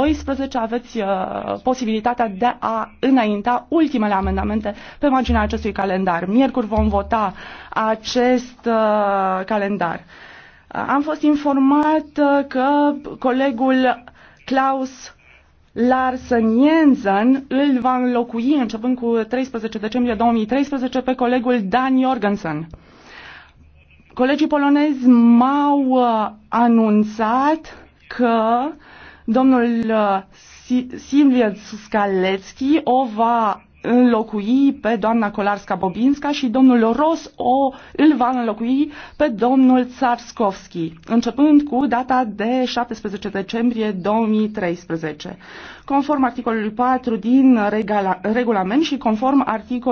12 aveți uh, posibilitatea de a înainta ultimele amendamente pe marginea acestui calendar. Miercuri vom vota acest uh, calendar. Uh, am fost informat că colegul Klaus Larsen Jensen îl va înlocui începând cu 13 decembrie 2013 pe colegul Dan Jorgensen. Colegii polonezi m-au anunțat că uh, Domnul uh, Silvia Scaletski o va înlocui pe doamna Kolarska-Bobinska și domnul Ros o îl va înlocui pe domnul Tsarskovski, începând cu data de 17 decembrie 2013. Conform articolului 4 din regula, regulament și conform articolului